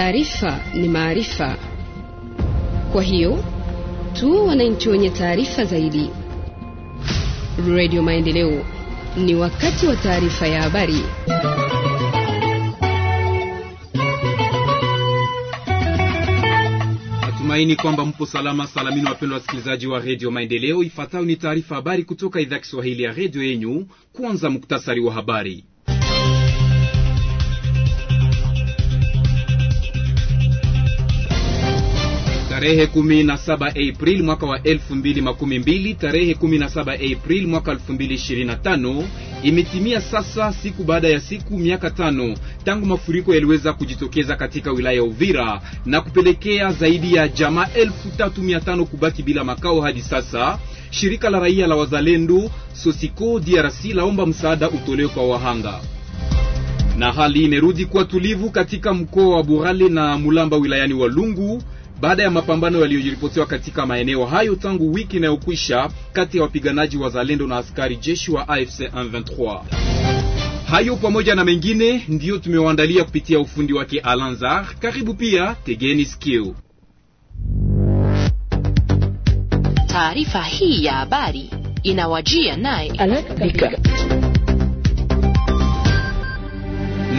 Taarifa ni maarifa, kwa hiyo tu wananchi wenye taarifa zaidi. Radio Maendeleo, ni wakati wa taarifa ya habari. Natumaini kwamba mpo salama salamini, wapendwa wasikilizaji wa redio Maendeleo. Ifuatayo ni taarifa habari kutoka idhaa Kiswahili ya redio yenyu. Kwanza, muktasari wa habari. Tarehe 17 Aprili mwaka wa 2012, tarehe 17 Aprili mwaka 2025, imetimia sasa siku baada ya siku miaka tano tangu mafuriko yaliweza kujitokeza katika wilaya ya Uvira na kupelekea zaidi ya jamaa 3500 kubaki bila makao hadi sasa. Shirika la raia la wazalendo Sosiko DRC laomba msaada utolewe kwa wahanga na hali imerudi kuwa tulivu katika mkoa wa Burale na Mulamba wilayani Walungu baada ya mapambano yaliyojiripotiwa katika maeneo hayo tangu wiki inayokwisha kati ya wapiganaji wa Zalendo na askari jeshi wa AFC M23. Hayo pamoja na mengine ndiyo tumewaandalia kupitia ufundi wake Alanzar. Karibu pia, tegeni sikio. Taarifa hii ya habari inawajia naye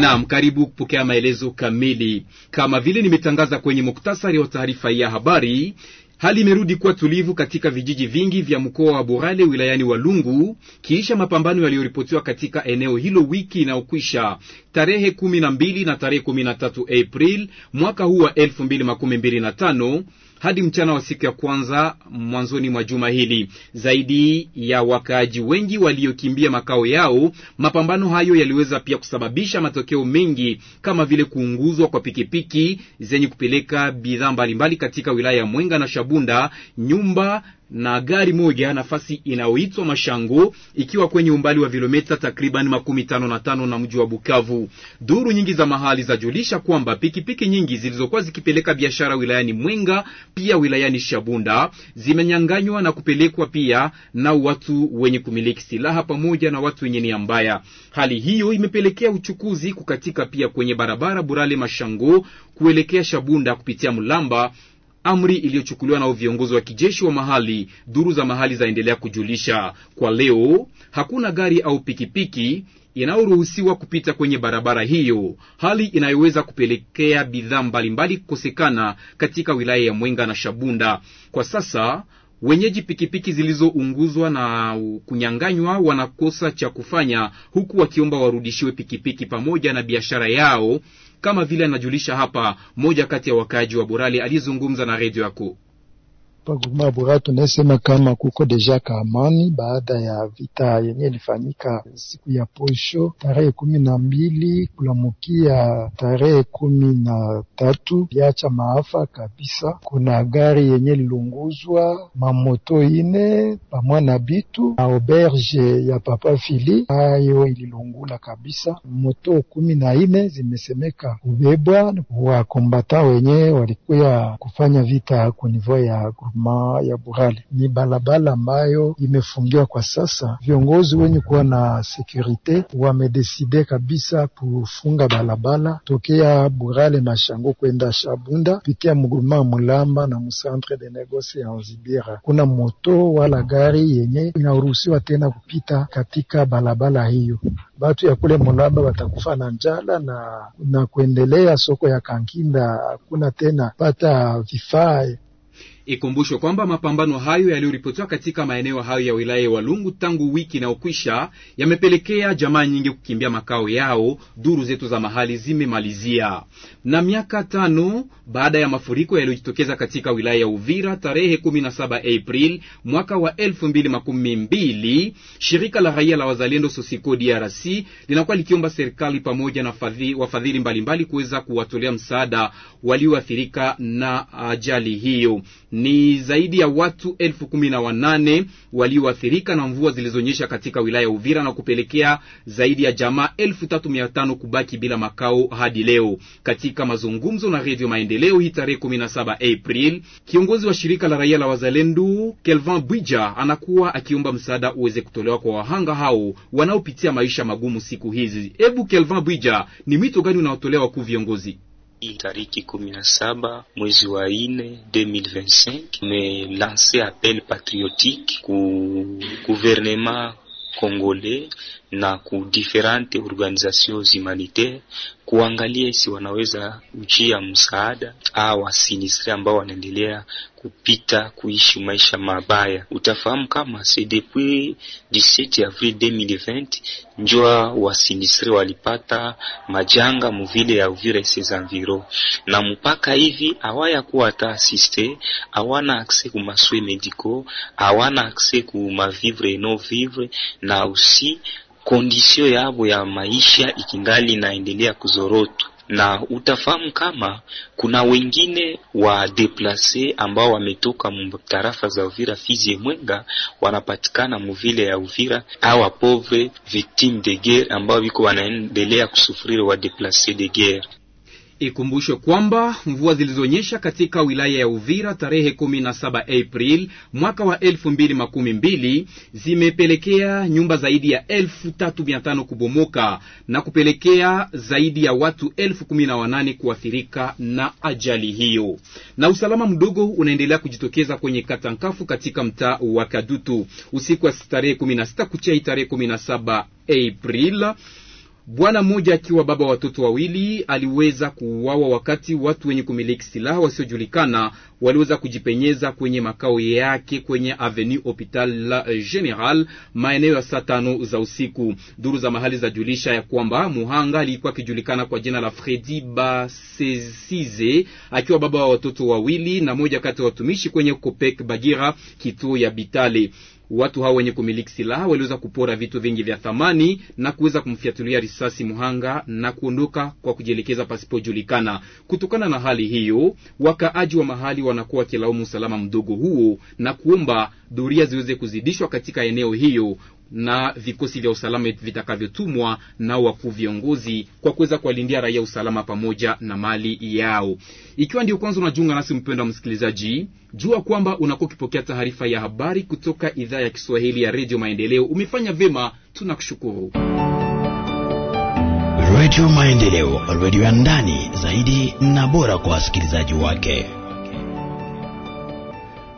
Naam, karibu kupokea maelezo kamili. Kama vile nimetangaza kwenye muktasari wa taarifa ya habari, hali imerudi kuwa tulivu katika vijiji vingi vya mkoa wa burale wilayani Walungu kisha mapambano yaliyoripotiwa katika eneo hilo wiki inayokwisha tarehe 12 na tarehe 13 april mwaka huu wa 2025 hadi mchana wa siku ya kwanza mwanzoni mwa juma hili. Zaidi ya wakaaji wengi waliokimbia makao yao, mapambano hayo yaliweza pia kusababisha matokeo mengi kama vile kuunguzwa kwa pikipiki zenye kupeleka bidhaa mbalimbali katika wilaya ya Mwenga na Shabunda, nyumba na gari moja nafasi inayoitwa Mashango ikiwa kwenye umbali wa vilometa takriban makumi tano na tano na mji wa Bukavu. Duru nyingi za mahali zajulisha kwamba pikipiki nyingi zilizokuwa zikipeleka biashara wilayani Mwenga pia wilayani Shabunda zimenyanganywa na kupelekwa pia na watu wenye kumiliki silaha pamoja na watu wenye nia mbaya. Hali hiyo imepelekea uchukuzi kukatika pia kwenye barabara Burale Mashango kuelekea Shabunda kupitia mlamba amri iliyochukuliwa na viongozi wa kijeshi wa mahali. Duru za mahali zaendelea kujulisha kwa leo hakuna gari au pikipiki inayoruhusiwa kupita kwenye barabara hiyo, hali inayoweza kupelekea bidhaa mbalimbali kukosekana katika wilaya ya Mwenga na Shabunda. Kwa sasa Wenyeji pikipiki zilizounguzwa na kunyanganywa wanakosa cha kufanya, huku wakiomba warudishiwe pikipiki pamoja na biashara yao, kama vile anajulisha hapa mmoja kati ya wakaaji wa borali aliyezungumza na redio yako. Guma Bura tunasema kama kuko deja kaamani baada ya vita yenye ilifanyika siku ya posho tarehe kumi na mbili kulamukia tarehe kumi na tatu liacha maafa kabisa. Kuna gari yenye lilunguzwa mamoto ine pamwa na bitu na auberge ya Papa Fili ayo ililungula kabisa. Moto kumi na ine zimesemeka kubebwa wakombata wenye walikuya kufanya vita kunivua ya ma ya Burale. Ni balabala ambayo imefungiwa kwa sasa. Viongozi wenye kuwa na sekurite wamedeside kabisa kufunga balabala tokea Burale Mashango kwenda Shabunda pitia mguruma Mulamba na musantre de negosi ya Nzibira. Kuna moto wala gari yenye inaruhusiwa tena kupita katika balabala hiyo. Batu ya kule Mulamba watakufa na njala na, na kuendelea soko ya Kankinda hakuna tena pata vifaa Ikumbushwe kwamba mapambano hayo yaliyoripotiwa katika maeneo hayo ya wilaya ya Walungu tangu wiki inayokwisha yamepelekea jamaa nyingi kukimbia makao yao, duru zetu za mahali zimemalizia. Na miaka tano baada ya mafuriko yaliyojitokeza katika wilaya ya Uvira tarehe 17 April mwaka wa 2012, shirika la raia la wazalendo Sosiko DRC linakuwa likiomba serikali pamoja na wafadhili mbalimbali kuweza kuwatolea msaada walioathirika na ajali hiyo. Ni zaidi ya watu elfu kumi na wanane walioathirika na mvua zilizonyesha katika wilaya ya Uvira na kupelekea zaidi ya jamaa elfu tatu mia tano kubaki bila makao hadi leo. Katika mazungumzo na Redio Maendeleo hii tarehe 17 April, kiongozi wa shirika la raia la wazalendo Kelvin Bwija anakuwa akiomba msaada uweze kutolewa kwa wahanga hao wanaopitia maisha magumu siku hizi. Ebu Kelvin Bwija, ni mwito gani unaotolewa kwa viongozi? Tariki 17 mwezi wa 4 2025 tumelanse appel patriotique ku gouvernement Kongole na ku differente organizations humanitaires kuangalia isi wanaweza uchia msaada au wasinistre ambao wanaendelea kupita kuishi maisha mabaya. Utafahamu kama c'est depuis 17 avril 2020 njua wasinistre walipata majanga muvile ya Uvira ses environ, na mpaka hivi awaya kuwa hata asiste, awana akse ku maswe mediko, awana akse ku mavivre no vivre na usi kondisio yabo ya maisha ikingali naendelea kuzorotwa na utafahamu kama kuna wengine wa deplase ambao wametoka mtarafa za Uvira, Fizi, Mwenga wanapatikana muvile ya Uvira, awa pauvre victime de guerre ambao viko wanaendelea kusufriri wa deplase de guerre. Ikumbushwe kwamba mvua zilizonyesha katika wilaya ya Uvira tarehe 17 April mwaka wa 2012 zimepelekea nyumba zaidi ya 3500 kubomoka na kupelekea zaidi ya watu 18 kuathirika na ajali hiyo. Na usalama mdogo unaendelea kujitokeza kwenye Katankafu katika mtaa wa Kadutu usiku wa tarehe 16 kuchia tarehe 17 April Bwana mmoja akiwa baba watoto wawili aliweza kuuawa wakati watu wenye kumiliki silaha wasiojulikana waliweza kujipenyeza kwenye makao yake kwenye Avenue Hopital la General maeneo ya saa tano za usiku. Duru za mahali za julisha ya kwamba muhanga alikuwa akijulikana kwa jina la Fredi Basesize akiwa baba wa watoto wawili na moja kati ya watumishi kwenye Kopek Bagira, kituo ya Bitale. Watu hao wenye kumiliki silaha waliweza kupora vitu vingi vya thamani na kuweza kumfiatulia risasi muhanga na kuondoka kwa kujielekeza pasipojulikana. Kutokana na hali hiyo, wakaaji wa mahali wa wanakuwa wakilaumu usalama mdogo huo na kuomba doria ziweze kuzidishwa katika eneo hiyo na vikosi vya usalama vitakavyotumwa na wakuu viongozi kwa kuweza kuwalindia raia usalama pamoja na mali yao. Ikiwa ndio kwanza unajiunga nasi, mpendwa msikilizaji, jua kwamba unakuwa ukipokea taarifa ya habari kutoka idhaa ya Kiswahili ya Redio Maendeleo. Umefanya vyema, tunakushukuru. Redio Maendeleo, redio ya ndani zaidi na bora kwa wasikilizaji wake.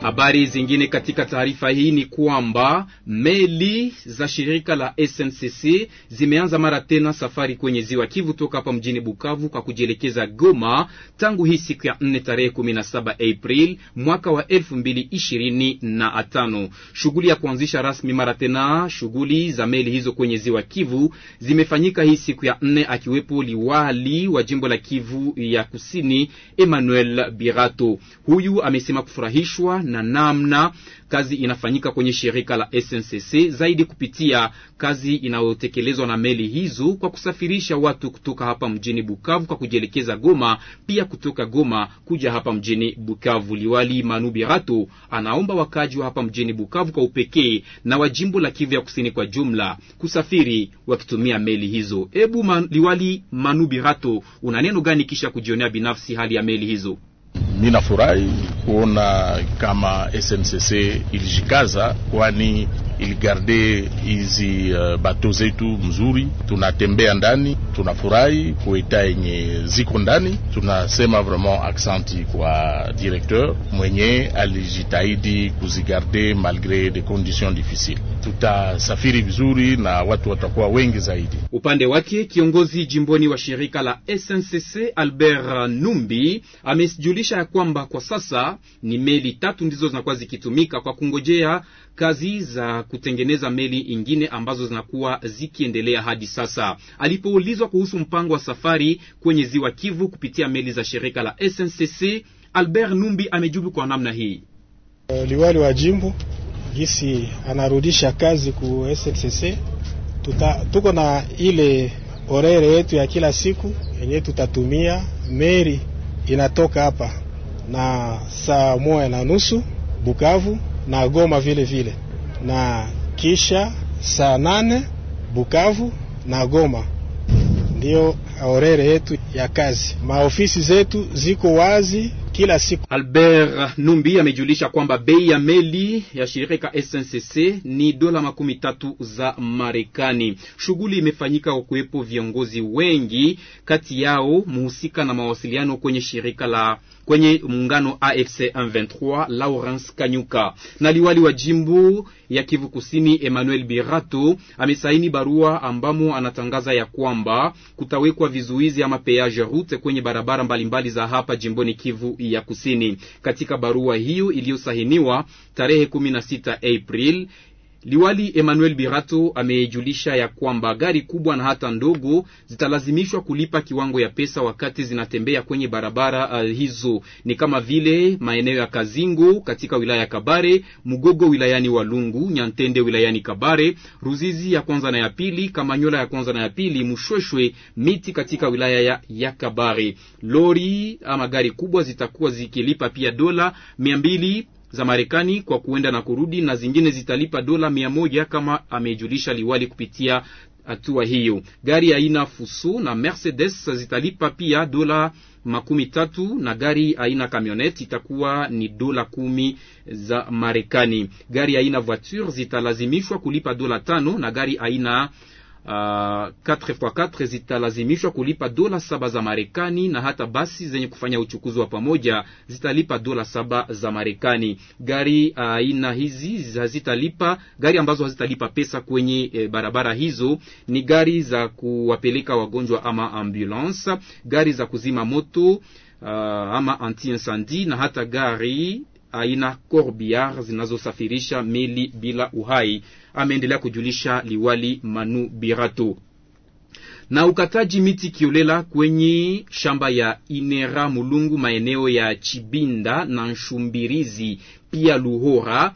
Habari zingine katika taarifa hii ni kwamba meli za shirika la SNCC zimeanza mara tena safari kwenye ziwa Kivu toka hapa mjini Bukavu kwa kujielekeza Goma tangu hii siku ya 4 tarehe 17 April mwaka wa 2025. Shughuli ya kuanzisha rasmi mara tena shughuli za meli hizo kwenye ziwa Kivu zimefanyika hii siku ya 4, akiwepo liwali wa jimbo la Kivu ya Kusini Emmanuel Birato. Huyu amesema kufurahishwa na namna kazi inafanyika kwenye shirika la SNCC zaidi kupitia kazi inayotekelezwa na meli hizo kwa kusafirisha watu kutoka hapa mjini Bukavu kwa kujielekeza Goma, pia kutoka Goma kuja hapa mjini Bukavu. Liwali Manubirato anaomba wakaji wa hapa mjini Bukavu kwa upekee na wa jimbo la Kivu ya Kusini kwa jumla kusafiri wakitumia meli hizo. Ebu man, Liwali Manubirato, una neno gani kisha kujionea binafsi hali ya meli hizo? nafurahi kuona kama SNCC ilijikaza, kwani iligarde hizi uh, bato zetu mzuri. Tunatembea ndani, tunafurahi kueta yenye ziko ndani. Tunasema vraiment aksenti kwa directeur mwenye alijitahidi kuzigarde malgre de conditions difficile. Tutasafiri vizuri na watu watakuwa wengi zaidi. Upande wake kiongozi jimboni wa shirika la SNCC Albert Numbi amejulisha ya kwamba kwa sasa ni meli tatu ndizo zinakuwa zikitumika kwa kungojea kazi za kutengeneza meli ingine ambazo zinakuwa zikiendelea hadi sasa. Alipoulizwa kuhusu mpango wa safari kwenye ziwa Kivu kupitia meli za shirika la SNCC, Albert Numbi amejibu kwa namna hii. Eh, liwali wa jimbo gisi anarudisha kazi ku SNCC, tuta, tuko na ile orere yetu ya kila siku yenye tutatumia. meli inatoka hapa na saa moja na nusu Bukavu na Goma vile vile na kisha saa nane Bukavu na Goma ndiyo orere yetu ya kazi. Maofisi zetu ziko wazi kila siku. Albert Numbi amejulisha kwamba bei ya meli ya shirika SNCC ni dola makumi tatu za Marekani. Shughuli imefanyika kwa kuwepo viongozi wengi, kati yao mhusika na mawasiliano kwenye shirika la kwenye muungano AFC M23 Lawrence Kanyuka na liwali wa jimbo ya Kivu Kusini Emmanuel Birato amesaini barua ambamo anatangaza ya kwamba kutawekwa vizuizi ama peage route kwenye barabara mbalimbali za hapa jimboni Kivu ya Kusini. Katika barua hiyo iliyosahiniwa tarehe 16 April Liwali Emmanuel Birato amejulisha ya kwamba gari kubwa na hata ndogo zitalazimishwa kulipa kiwango ya pesa wakati zinatembea kwenye barabara uh, hizo ni kama vile maeneo ya Kazingo katika wilaya ya Kabare, Mugogo wilayani Walungu, Nyantende wilayani Kabare, Ruzizi ya kwanza na ya pili, Kamanyola ya kwanza na ya pili, Mshweshwe, Miti katika wilaya ya, ya Kabare. Lori ama gari kubwa zitakuwa zikilipa pia dola mia mbili za Marekani kwa kuenda na kurudi na zingine zitalipa dola mia moja kama amejulisha liwali kupitia hatua hiyo. Gari aina fuso na Mercedes zitalipa pia dola makumi tatu na gari aina kamionet itakuwa ni dola kumi za Marekani. Gari aina voiture zitalazimishwa kulipa dola tano na gari aina 4 kwa 4 zitalazimishwa kulipa dola saba za Marekani na hata basi zenye kufanya uchukuzi wa pamoja zitalipa dola saba za Marekani. Gari ah, aina uh, hizi hazitalipa, gari ambazo hazitalipa pesa kwenye e, barabara hizo ni gari za kuwapeleka wagonjwa ama ambulance, gari za kuzima moto uh, ama anti incendie na hata gari aina corbiar zinazosafirisha meli bila uhai, ameendelea kujulisha liwali Manu Birato na ukataji miti kiolela kwenye shamba ya Inera Mulungu maeneo ya Chibinda na Nshumbirizi pia Luhora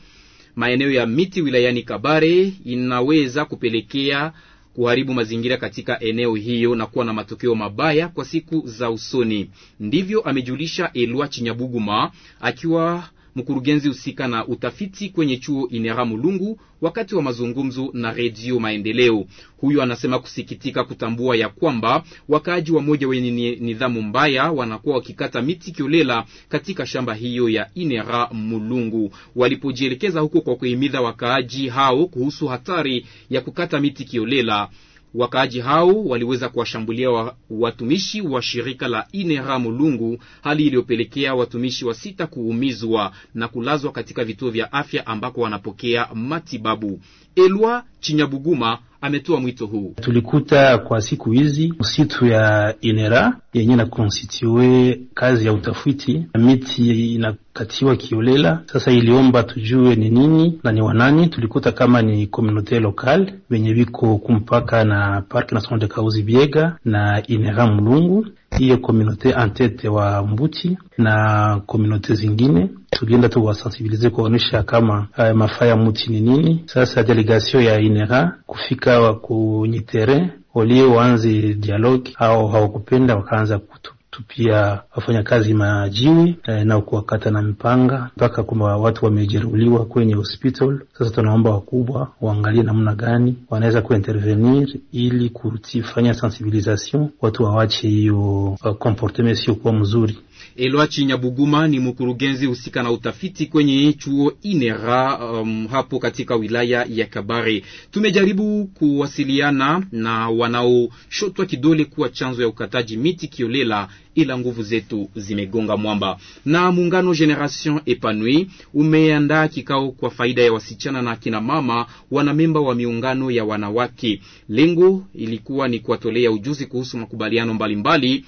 maeneo ya miti wilayani Kabare inaweza kupelekea kuharibu mazingira katika eneo hiyo na kuwa na matokeo mabaya kwa siku za usoni. Ndivyo amejulisha Elwa Chinyabuguma akiwa mkurugenzi husika na utafiti kwenye chuo Inera Mulungu, wakati wa mazungumzo na Redio Maendeleo. Huyo anasema kusikitika kutambua ya kwamba wakaaji wa moja wenye nidhamu mbaya wanakuwa wakikata miti kiolela katika shamba hiyo ya Inera Mulungu. Walipojielekeza huko kwa kuhimiza wakaaji hao kuhusu hatari ya kukata miti kiolela Wakaaji hao waliweza kuwashambulia wa, watumishi wa shirika la Inera Mulungu, hali iliyopelekea watumishi wa sita kuumizwa na kulazwa katika vituo vya afya ambako wanapokea matibabu. Elwa Chinyabuguma ametoa mwito huu. Tulikuta kwa siku hizi msitu ya Inera yenye na konstitue kazi ya utafiti, na miti inakatiwa kiolela. Sasa iliomba tujue ni nini na ni wanani. Tulikuta kama ni komunote lokal venye viko kumpaka na Park National de Kauzi Biega na Inera Mulungu iyo komunote antete wa Mbuti na komunote zingine tulienda tuwasensibilize kuonyesha kama uh, mafaa ya muti ni nini. Sasa delegation ya inera kufika kwenye terrain walioanze dialogue au hawakupenda wakaanza kutu watu pia wafanyakazi majiwe eh, na kuwakata na mpanga mpaka kwamba watu wamejeruhiwa kwenye hospital. Sasa tunaomba wakubwa waangalie namna gani wanaweza kuintervenir ili kufanya sensibilisation watu wawache hiyo uh, comportement sio kuwa mzuri. Elwachi Nyabuguma ni mkurugenzi husika na utafiti kwenye chuo Inera um, hapo katika wilaya ya Kabare. Tumejaribu kuwasiliana na wanaoshotwa kidole kuwa chanzo ya ukataji miti kiolela, ila nguvu zetu zimegonga mwamba. Na muungano Generation Epanui umeandaa kikao kwa faida ya wasichana na akina mama wanamemba wa miungano ya wanawake. Lengo ilikuwa ni kuwatolea ujuzi kuhusu makubaliano mbalimbali mbali,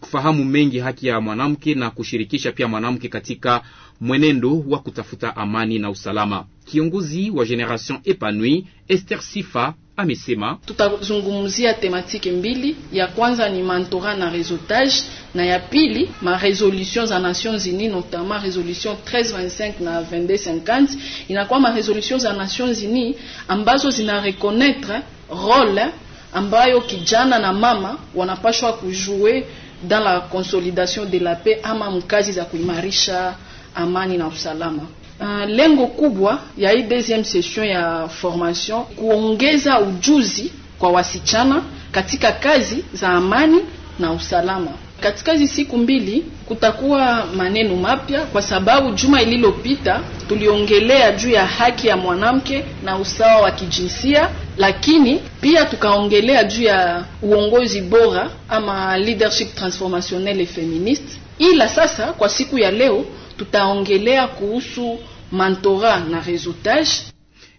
kufahamu mengi haki ya mwanamke na kushirikisha pia mwanamke katika mwenendo wa kutafuta amani na usalama. Kiongozi wa Generation Epanui Esther Sifa amesema tutazungumzia tematiki mbili, ya kwanza ni mantora na réseautage na ya pili ma resolution za Nations Unies notamment resolution 1325 na 2250 inakuwa ma resolution za Nations Unies ambazo zina reconnaître role ambayo kijana na mama wanapashwa kujue dans la consolidation de la paix ama mkazi za kuimarisha amani na usalama. Uh, lengo kubwa ya hii deuxième session ya formation kuongeza ujuzi kwa wasichana katika kazi za amani na usalama. Katika hizi siku mbili kutakuwa maneno mapya, kwa sababu juma ililopita tuliongelea juu ya haki ya mwanamke na usawa wa kijinsia, lakini pia tukaongelea juu ya uongozi bora ama leadership transformationnel et feministe. Ila sasa kwa siku ya leo tutaongelea kuhusu mantora na resultage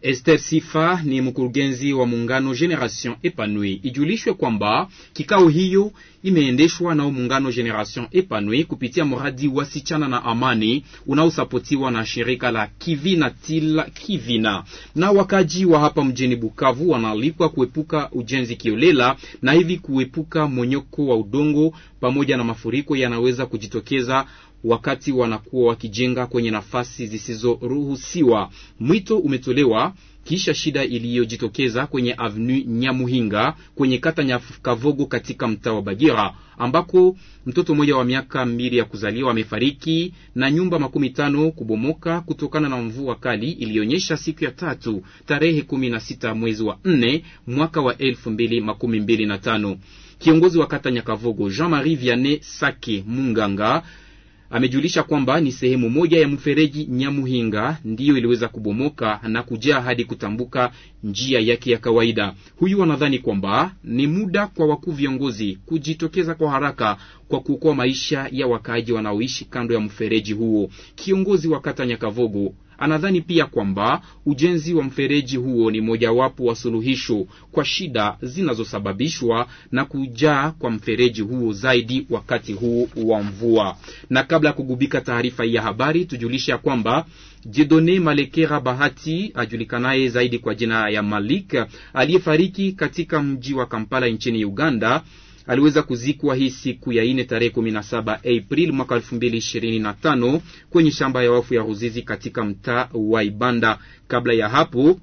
Esther Sifa ni mkurugenzi wa muungano Generation Epanui. Ijulishwe kwamba kikao hiyo imeendeshwa nao muungano Generation Epanui kupitia mradi wa sichana na amani unaosapotiwa na shirika la Kivina Tila Kivina, na wakaji wa hapa mjini Bukavu wanaalikwa kuepuka ujenzi kiolela na hivi kuepuka monyoko wa udongo pamoja na mafuriko yanaweza kujitokeza wakati wanakuwa wakijenga kwenye nafasi zisizoruhusiwa. Mwito umetolewa kisha shida iliyojitokeza kwenye avenu Nyamuhinga kwenye kata Nyakavogo katika mtaa wa Bagira ambako mtoto mmoja wa miaka mbili ya kuzaliwa amefariki na nyumba makumi tano kubomoka kutokana na mvua kali iliyonyesha siku ya tatu tarehe kumi na sita mwezi wa nne mwaka wa elfu mbili makumi mbili na tano. Kiongozi wa kata Nyakavogo Jean Marie Vianney Sake Munganga amejulisha kwamba ni sehemu moja ya mfereji Nyamuhinga ndiyo iliweza kubomoka na kujaa hadi kutambuka njia yake ya kawaida. Huyu anadhani kwamba ni muda kwa wakuu viongozi kujitokeza kwa haraka kwa kuokoa maisha ya wakaaji wanaoishi kando ya mfereji huo. Kiongozi wa kata Nyakavogo Anadhani pia kwamba ujenzi wa mfereji huo ni mojawapo wa suluhisho kwa shida zinazosababishwa na kujaa kwa mfereji huo zaidi wakati huu wa mvua. Na kabla ya kugubika taarifa hii ya habari, tujulishe ya kwamba Jedone Malekera Bahati ajulikanaye zaidi kwa jina ya Malik aliyefariki katika mji wa Kampala nchini Uganda aliweza kuzikwa hii siku ya ine tarehe kumi na saba Aprili mwaka elfu mbili ishirini na tano kwenye shamba ya wafu ya Ruzizi katika mtaa wa Ibanda. Kabla ya hapo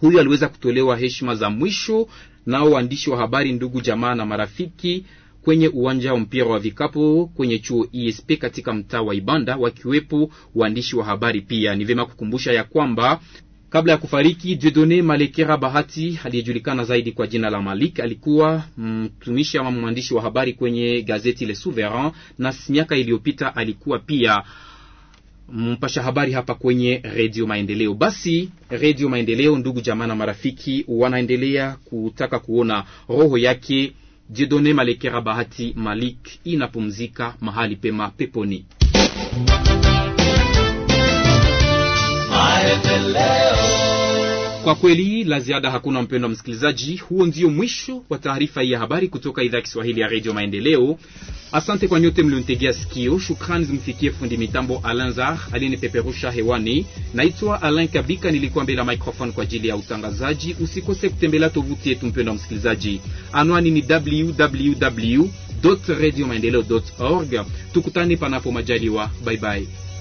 huyu aliweza kutolewa heshima za mwisho nao waandishi wa habari, ndugu jamaa na marafiki kwenye uwanja wa mpira wa vikapu kwenye chuo ESP katika mtaa wa Ibanda, wakiwepo waandishi wa habari pia. Ni vyema kukumbusha ya kwamba Kabla ya kufariki Dieudonne Malekera Bahati, aliyejulikana zaidi kwa jina la Malik, alikuwa mtumishi ama mwandishi wa habari kwenye gazeti Le Souverain, na miaka iliyopita alikuwa pia mpasha habari hapa kwenye Redio Maendeleo. Basi Redio Maendeleo, ndugu jamaa na marafiki, wanaendelea kutaka kuona roho yake Dieudonne Malekera Bahati Malik inapumzika mahali pema peponi. Kwa kweli la ziada hakuna, mpendwa msikilizaji, huo ndio mwisho wa taarifa hii ya habari kutoka idhaa ya Kiswahili ya Radio Maendeleo. Asante kwa nyote mliontegea sikio. Shukrani zimfikie fundi mitambo Alanzar aliyenipeperusha hewani. Naitwa Alain Kabika, nilikuwa mbele ya microphone kwa ajili ya utangazaji. Usikose kutembelea tovuti yetu mpendwa msikilizaji, anwani ni www.radiomaendeleo.org. Tukutane panapo majaliwa, bye bye.